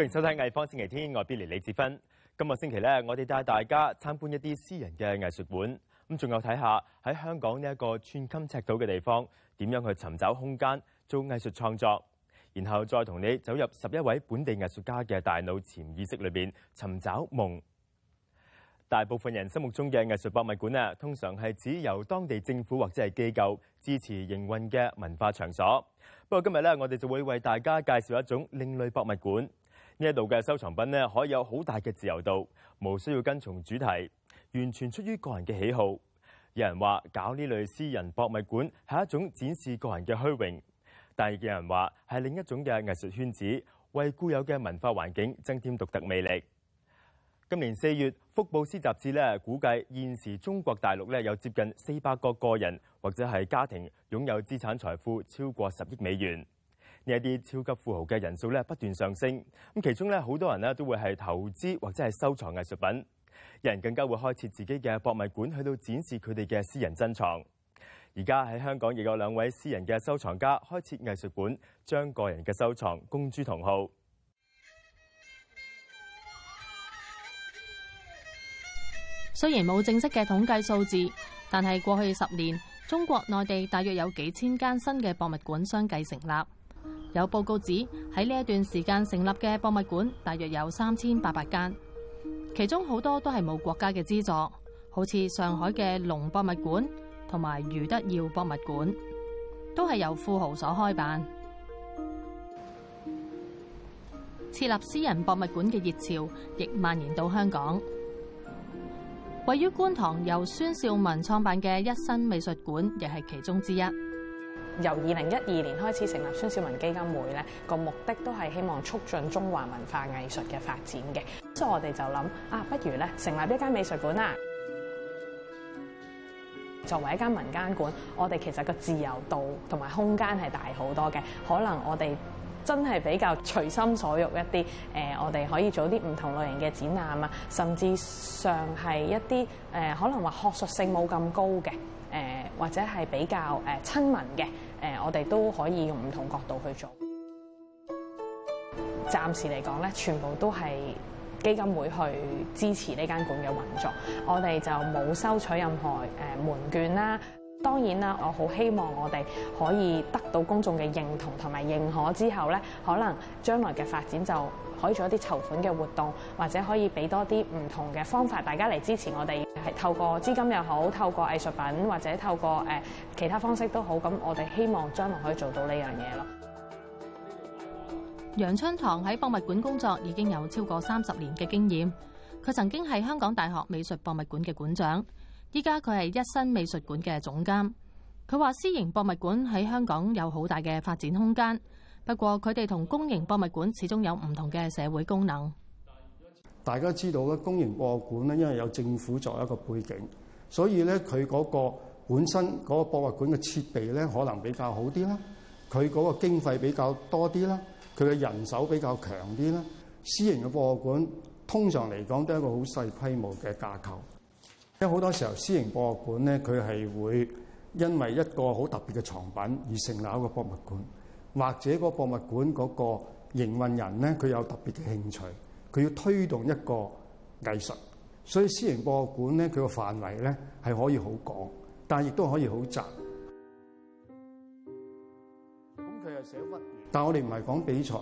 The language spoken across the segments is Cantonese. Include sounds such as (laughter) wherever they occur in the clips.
歡迎收睇《藝方星期天》，我係 Billy 李智芬。今個星期咧，我哋帶大家參觀一啲私人嘅藝術館，咁仲有睇下喺香港呢一個寸金尺土嘅地方，點樣去尋找空間做藝術創作，然後再同你走入十一位本地藝術家嘅大腦潛意識裏邊尋找夢。大部分人心目中嘅藝術博物館咧，通常係指由當地政府或者係機構支持營運嘅文化場所。不過今日呢，我哋就會為大家介紹一種另類博物館。呢一度嘅收藏品呢，可以有好大嘅自由度，無需要跟從主題，完全出於個人嘅喜好。有人話搞呢類私人博物館係一種展示個人嘅虛榮，但係有人話係另一種嘅藝術圈子，為固有嘅文化環境增添獨特魅力。今年四月，《福布斯》雜誌呢，估計現時中國大陸呢有接近四百個個人或者係家庭擁有資產財富超過十億美元。呢一啲超級富豪嘅人數咧不斷上升，咁其中咧好多人咧都會係投資或者係收藏藝術品，有人更加會開設自己嘅博物館，去到展示佢哋嘅私人珍藏。而家喺香港亦有兩位私人嘅收藏家開設藝術館，將個人嘅收藏公諸同好。雖然冇正式嘅統計數字，但係過去十年中國內地大約有幾千間新嘅博物館相繼成立。有報告指喺呢一段時間成立嘅博物館大約有三千八百間，其中好多都係冇國家嘅資助，好似上海嘅龍博物館同埋余德耀博物館，都係由富豪所開辦。設立私人博物館嘅熱潮亦蔓延到香港，位於觀塘由孫少文創辦嘅一新美術館亦係其中之一。由二零一二年開始成立孫少文基金會咧，個目的都係希望促進中華文化藝術嘅發展嘅，所以我哋就諗啊，不如咧成立一間美術館啊！作為一間民間館，我哋其實個自由度同埋空間係大好多嘅，可能我哋真係比較隨心所欲一啲、呃。我哋可以做啲唔同類型嘅展覽啊，甚至上係一啲、呃、可能話學術性冇咁高嘅或者係比較誒親民嘅誒，我哋都可以用唔同角度去做。暫時嚟講咧，全部都係基金會去支持呢間館嘅運作。我哋就冇收取任何誒門券啦。當然啦，我好希望我哋可以得到公眾嘅認同同埋認可之後咧，可能將來嘅發展就可以做一啲籌款嘅活動，或者可以俾多啲唔同嘅方法，大家嚟支持我哋，係透過資金又好，透過藝術品或者透過誒、呃、其他方式都好。咁我哋希望將來可以做到呢樣嘢咯。楊春棠喺博物館工作已經有超過三十年嘅經驗，佢曾經係香港大學美術博物館嘅館長，依家佢係一新美術館嘅總監。佢話：私營博物館喺香港有好大嘅發展空間。不過，佢哋同公營博物館始終有唔同嘅社會功能。大家知道咧，公營博物館咧，因為有政府作為一個背景，所以咧佢嗰個本身嗰個博物館嘅設備咧，可能比較好啲啦；佢嗰個經費比較多啲啦；佢嘅人手比較強啲啦。私營嘅博物館通常嚟講都係一個好細規模嘅架構，因為好多時候私營博物館咧，佢係會因為一個好特別嘅藏品而成立一個博物館。或者嗰個博物館嗰個營運人咧，佢有特別嘅興趣，佢要推動一個藝術。所以私人博物館咧，佢個範圍咧係可以好廣，但係亦都可以好窄。咁佢又寫屈，但係我哋唔係講比賽。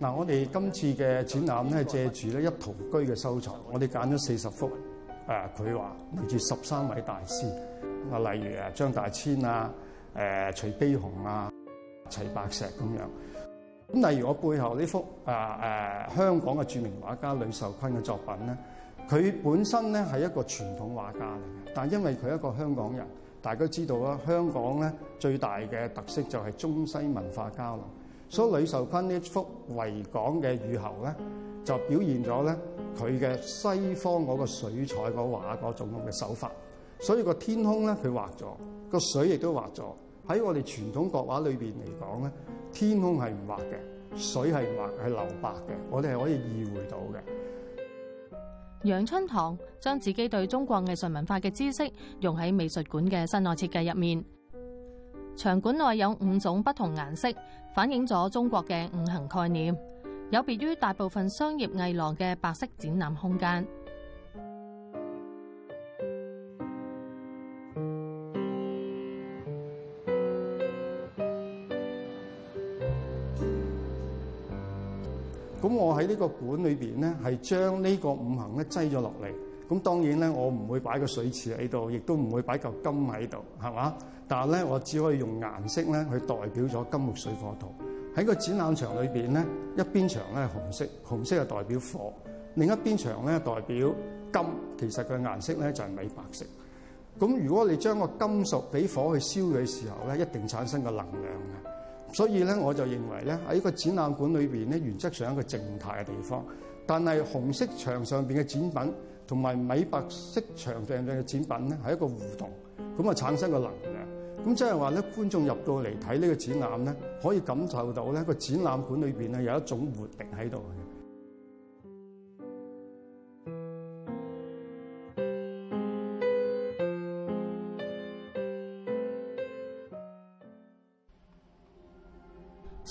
嗱，我哋今次嘅展覽咧，借住咧一同居嘅收藏，我哋揀咗四十幅。誒，佢話嚟自十三位大師。啊，例如誒張大千啊，誒徐悲鴻啊。齊白石咁樣咁，例如我背後呢幅啊誒、呃呃、香港嘅著名畫家呂壽琨嘅作品咧，佢本身咧係一個傳統畫家嚟嘅，但係因為佢係一個香港人，大家都知道啦，香港咧最大嘅特色就係中西文化交流，所以呂壽琨呢幅維港嘅雨後咧，就表現咗咧佢嘅西方嗰個水彩個畫嗰種咁嘅手法，所以個天空咧佢畫咗，個水亦都畫咗。喺我哋傳統國畫裏邊嚟講咧，天空係唔畫嘅，水係唔畫，係留白嘅，我哋係可以意會到嘅。楊春堂將自己對中國藝術文化嘅知識用喺美術館嘅室內設計入面，場館內有五種不同顏色，反映咗中國嘅五行概念，有別於大部分商業藝廊嘅白色展覽空間。喺呢個館裏邊咧，係將呢個五行咧擠咗落嚟。咁當然咧，我唔會擺個水池喺度，亦都唔會擺嚿金喺度，係嘛？但係咧，我只可以用顏色咧去代表咗金木水火土。喺個展覽場裏邊咧，一邊牆咧紅色，紅色係代表火；另一邊牆咧代表金，其實佢顏色咧就係、是、米白色。咁如果你將個金屬俾火去燒嘅時候咧，一定產生個能量嘅。所以咧，我就認為咧喺呢個展覽館裏邊咧，原則上一個靜態嘅地方，但係紅色牆上邊嘅展品同埋米白色牆上嘅展品咧，係一個互動咁啊產生個能量。咁即係話咧，觀眾入到嚟睇呢個展覽咧，可以感受到咧個展覽館裏邊咧有一種活力喺度。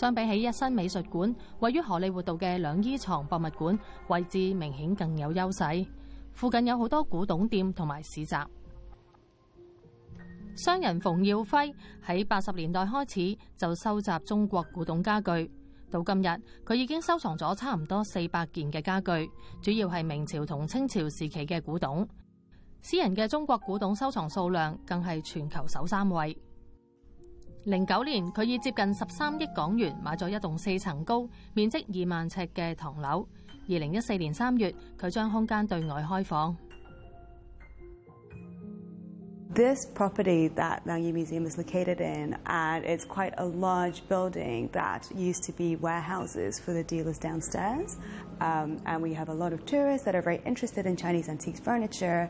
相比起一新美術館，位於荷里活道嘅兩依藏博物館位置明顯更有優勢。附近有好多古董店同埋市集。商人馮耀輝喺八十年代開始就收集中國古董家具，到今日佢已經收藏咗差唔多四百件嘅家具，主要係明朝同清朝時期嘅古董。私人嘅中國古董收藏數量更係全球首三位。零九年，佢以接近十三億港元買咗一棟四層高、面積二萬尺嘅唐樓。二零一四年三月，佢將空間對外開放。This property that Liang Yi Museum is located in, and it's quite a large building that used to be warehouses for the dealers downstairs. And we have a lot of tourists that are very interested in Chinese antique furniture.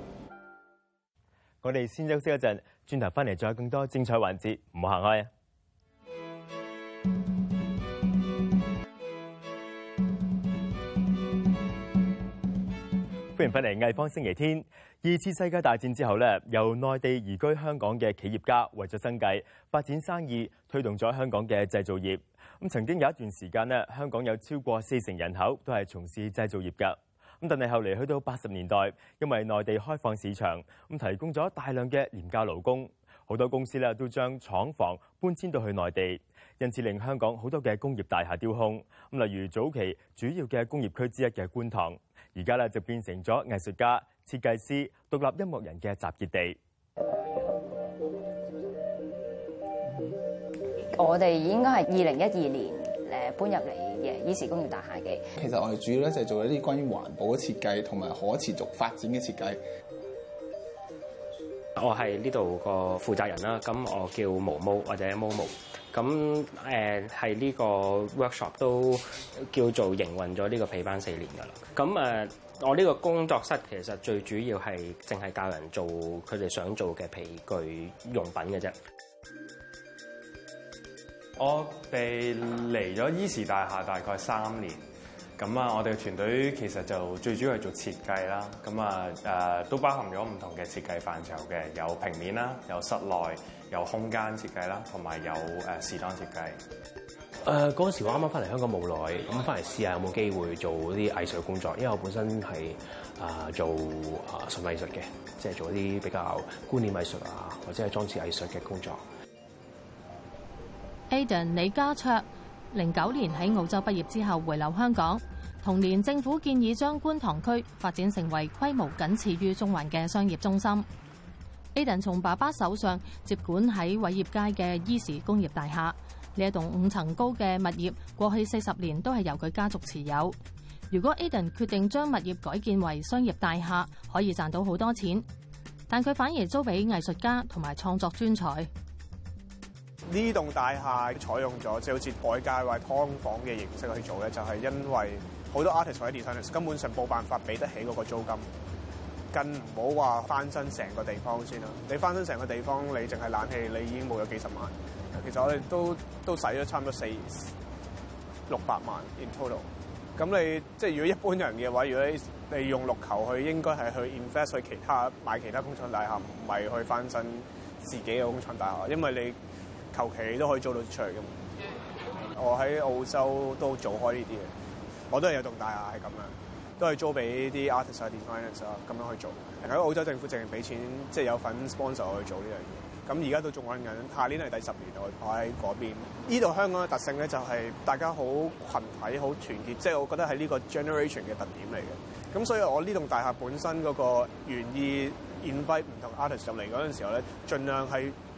我哋先休息一陣，轉頭翻嚟再有更多精彩環節，唔好行開。歡迎返嚟《藝方星期天》。二次世界大戰之後呢，由內地移居香港嘅企業家為咗生計發展生意，推動咗香港嘅製造業。咁曾經有一段時間呢，香港有超過四成人口都係從事製造業㗎。咁但係後嚟去到八十年代，因為內地開放市場，咁提供咗大量嘅廉價勞工，好多公司咧都將廠房搬遷到去內地，因此令香港好多嘅工業大廈丟空。咁例如早期主要嘅工業區之一嘅觀塘，而家咧就變成咗藝術家、設計師、獨立音樂人嘅集結地。我哋應該係二零一二年。搬入嚟嘅依時工業大廈嘅。其實我哋主要咧就係做一啲關於環保嘅設計同埋可持續發展嘅設計。我係呢度個負責人啦，咁我叫毛毛或者毛毛。咁誒係呢個 workshop 都叫做營運咗呢個皮班四年噶啦。咁誒我呢個工作室其實最主要係淨係教人做佢哋想做嘅皮具用品嘅啫。我哋嚟咗伊時大廈大概三年，咁啊，我哋團隊其實就最主要係做設計啦，咁啊誒都包含咗唔同嘅設計範疇嘅，有平面啦，有室內，有空間設計啦，同埋有誒時裝設計。誒嗰、呃那個、時我啱啱翻嚟香港冇耐，咁翻嚟試下有冇機會做啲藝術工作，因為我本身係啊、呃、做啊純藝術嘅，即係做一啲比較觀念藝術啊，或者係裝置藝術嘅工作。Aden 李家卓，零九年喺澳洲畢業之後回流香港。同年政府建議將觀塘區發展成為規模僅次於中環嘅商業中心。Aden 從爸爸手上接管喺偉業街嘅依時工業大廈，呢一棟五層高嘅物業過去四十年都係由佢家族持有。如果 Aden 決定將物業改建為商業大廈，可以賺到好多錢。但佢反而租俾藝術家同埋創作專才。呢棟大廈採用咗即係好似改界或劏房嘅形式去做咧，就係因為好多 artist 或者 designer 根本上冇辦法俾得起嗰個租金，更唔好話翻新成個地方先啦。你翻新成個地方，你淨係冷氣，你已經冇咗幾十萬。其實我哋都都使咗差唔多四六百萬 in total。咁你即係如果一般人嘅話，如果你用六球去，應該係去 invest 去其他買其他工廠大廈，唔係去翻新自己嘅工廠大廈，因為你。求其都可以做到出嚟嘅。我喺澳洲都做開呢啲嘢，我都係有棟大廈係咁樣，都係租俾啲 artist 啲 designers 啦，咁樣去做。而家澳洲政府淨係俾錢，即係有份 sponsor 我去做呢樣嘢。咁而家都仲運緊，下年係第十年我我喺嗰邊。呢度香港嘅特性咧，就係大家好群體好團結，即係我覺得係呢個 generation 嘅特點嚟嘅。咁所以我呢棟大廈本身嗰個願意 invite 唔同 artist 入嚟嗰陣時候咧，盡量係。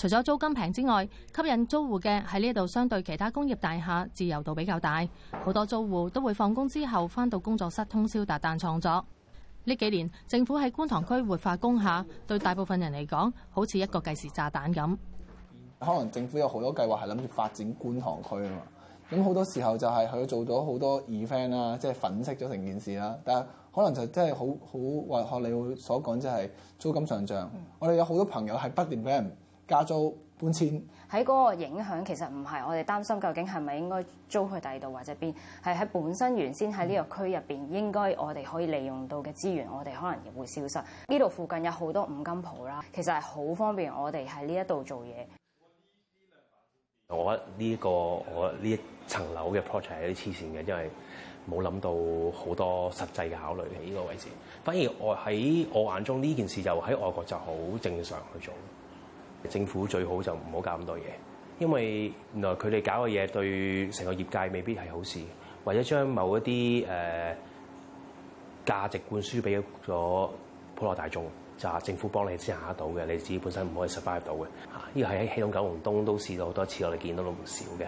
除咗租金平之外，吸引租戶嘅喺呢度，相對其他工業大廈自由度比較大。好多租戶都會放工之後翻到工作室通宵達旦創作。呢幾年政府喺觀塘區活化工廈，對大部分人嚟講好似一個計時炸彈咁。可能政府有好多計劃，係諗住發展觀塘區啊嘛。咁好多時候就係佢做咗好多 event 啦，即係粉飾咗成件事啦。但係可能就真係好好話，學你所講，即係租金上漲，我哋有好多朋友係不斷俾人。加租搬遷喺嗰個影響其實唔係，我哋擔心，究竟係咪應該租去第二度或者邊，係喺本身原先喺呢個區入邊應該我哋可以利用到嘅資源，我哋可能亦會消失。呢度附近有好多五金鋪啦，其實係好方便我哋喺呢一度做嘢。我呢個我呢一層樓嘅 project 係黐線嘅，因為冇諗到好多實際嘅考慮喺呢個位置。反而我喺我眼中呢件事就喺外國就好正常去做。政府最好就唔好搞咁多嘢，因為原來佢哋搞嘅嘢對成個業界未必係好事，或者將某一啲誒價值灌輸俾咗普羅大眾，就係政府幫你先行得到嘅，你自己本身唔可以 survive 到嘅。吓，呢個係喺香港九龍東都試過好多次，我哋見到都唔少嘅。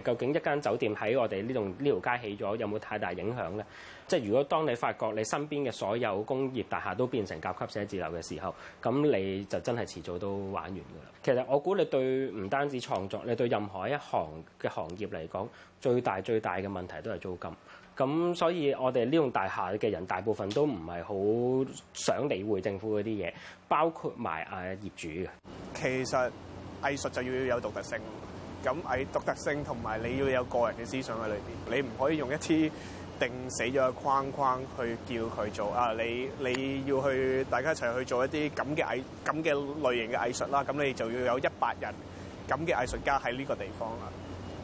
究竟一間酒店喺我哋呢棟呢條街起咗，有冇太大影響呢？即係如果當你發覺你身邊嘅所有工業大廈都變成甲級寫字樓嘅時候，咁你就真係遲早都玩完㗎啦。其實我估你對唔單止創作，你對任何一行嘅行業嚟講，最大最大嘅問題都係租金。咁所以我哋呢棟大廈嘅人大部分都唔係好想理會政府嗰啲嘢，包括埋誒業主嘅。其實藝術就要有獨特性。咁喺獨特性同埋你要有個人嘅思想喺裏邊，你唔可以用一啲定死咗嘅框框去叫佢做啊！你你要去大家一齊去做一啲咁嘅藝咁嘅類型嘅藝術啦，咁你就要有一百人咁嘅藝術家喺呢個地方啦。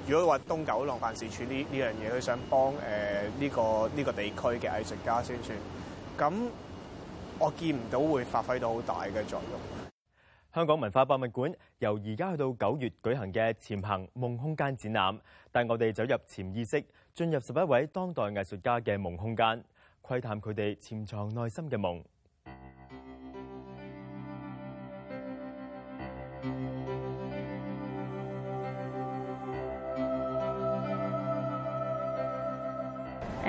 如果話東九龍辦事處呢呢樣嘢，佢想幫，呃，呢個呢個地區嘅藝術家宣傳，咁我見唔到會發揮到好大嘅作用。香港文化博物館由而家去到九月舉行嘅《潛行夢空間》展覽，帶我哋走入潛意識，進入十一位當代藝術家嘅夢空間，窺探佢哋潛藏內心嘅夢。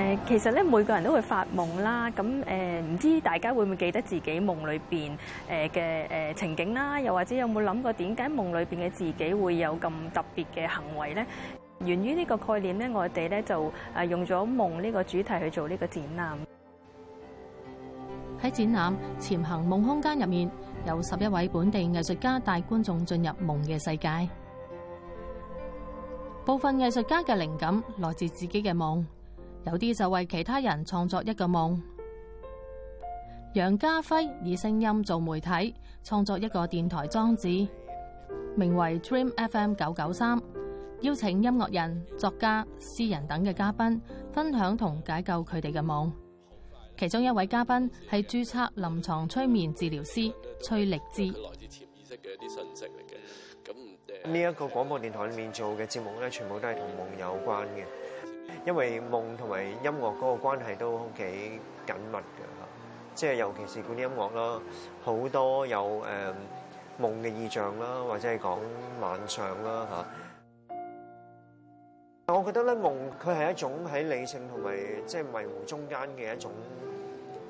誒，其實咧，每個人都會發夢啦。咁誒，唔知大家會唔會記得自己夢裏邊誒嘅誒情景啦？又或者有冇諗過點解夢裏邊嘅自己會有咁特別嘅行為呢？源於呢個概念咧，我哋咧就誒用咗夢呢個主題去做呢個展覽。喺展覽《潛行夢空間》入面，有十一位本地藝術家帶觀眾進入夢嘅世界。部分藝術家嘅靈感來自自己嘅夢。有啲就為其他人創作一個夢。楊家輝以聲音做媒體，創作一個電台裝置，名為 Dream FM 九九三，邀請音樂人、作家、詩人等嘅嘉賓，分享同解救佢哋嘅夢。其中一位嘉賓係注冊臨床催眠治療師崔力志。佢來自潛意識嘅一啲信息嚟嘅。噉呢一個廣播電台裏面做嘅節目咧，全部都係同夢有關嘅。因為夢同埋音樂嗰個關係都幾緊密嘅嚇，即係尤其是古典音樂啦，好多有誒夢嘅意象啦，或者係講晚上啦嚇、啊。我覺得咧夢佢係一種喺理性同埋即係迷糊中間嘅一種，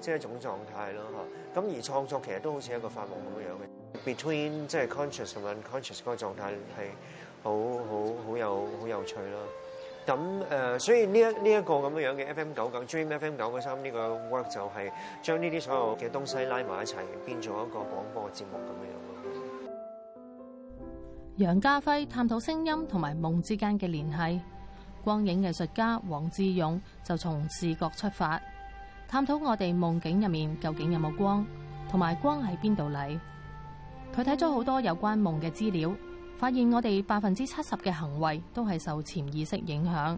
即係一種狀態咯嚇。咁而創作其實都好似一個發夢咁樣嘅 (noise) ，between 即係 conscious 同埋 unconscious 嗰個狀態係好好好有好有趣咯。啊。咁誒，所以呢一呢一個咁、這個、樣樣嘅 FM 九九 Dream FM 九九三呢個 work 就係將呢啲所有嘅東西拉埋一齊，變咗一個廣播節目咁樣樣咯。楊家輝探討聲音同埋夢之間嘅聯繫，光影藝術家黃志勇就從視覺出發，探討我哋夢境入面究竟有冇光，同埋光喺邊度嚟？佢睇咗好多有關夢嘅資料。發現我哋百分之七十嘅行為都係受潛意識影響，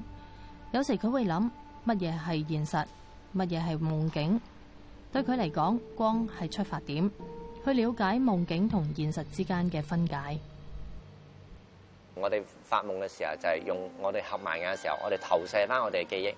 有時佢會諗乜嘢係現實，乜嘢係夢境。對佢嚟講，光係出發點，去了解夢境同現實之間嘅分解。我哋發夢嘅時候就係用我哋合埋眼嘅時候，我哋投射翻我哋嘅記憶，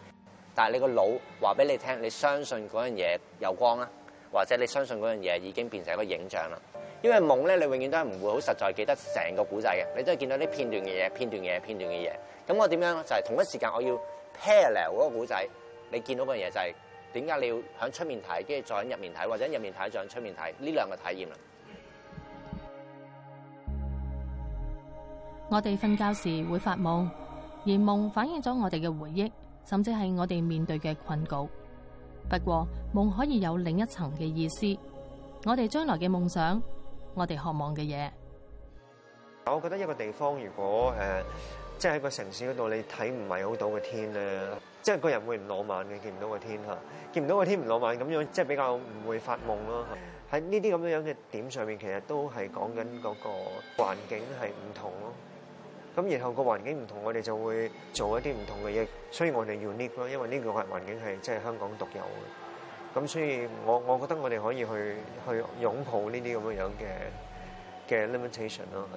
但係你個腦話俾你聽，你相信嗰樣嘢有光啦。或者你相信嗰樣嘢已經變成一個影像啦，因為夢咧，你永遠都係唔會好實在記得成個古仔嘅，你都係見到啲片段嘅嘢、片段嘅嘢、片段嘅嘢。咁我點樣就係、是、同一時間我要 parallel 嗰個古仔，你見到嗰樣嘢就係點解你要響出面睇，跟住再喺入面睇，或者入面睇再出面睇呢兩個體驗啦。我哋瞓覺時會發夢，而夢反映咗我哋嘅回憶，甚至係我哋面對嘅困局。不過夢可以有另一層嘅意思，我哋將來嘅夢想，我哋渴望嘅嘢。我覺得一個地方如果誒，即係喺個城市嗰度，你睇唔係好到個天咧，即係個人會唔浪漫嘅，見唔到個天吓，見唔到個天唔浪漫咁樣，即係比較唔會發夢咯。喺呢啲咁樣樣嘅點上面，其實都係講緊嗰個環境係唔同咯。咁然後個環境唔同，我哋就會做一啲唔同嘅嘢，所以我哋要 lift 咯，因為呢個係環境係即係香港獨有嘅，咁所以我我覺得我哋可以去去擁抱呢啲咁樣樣嘅嘅 limitation 咯。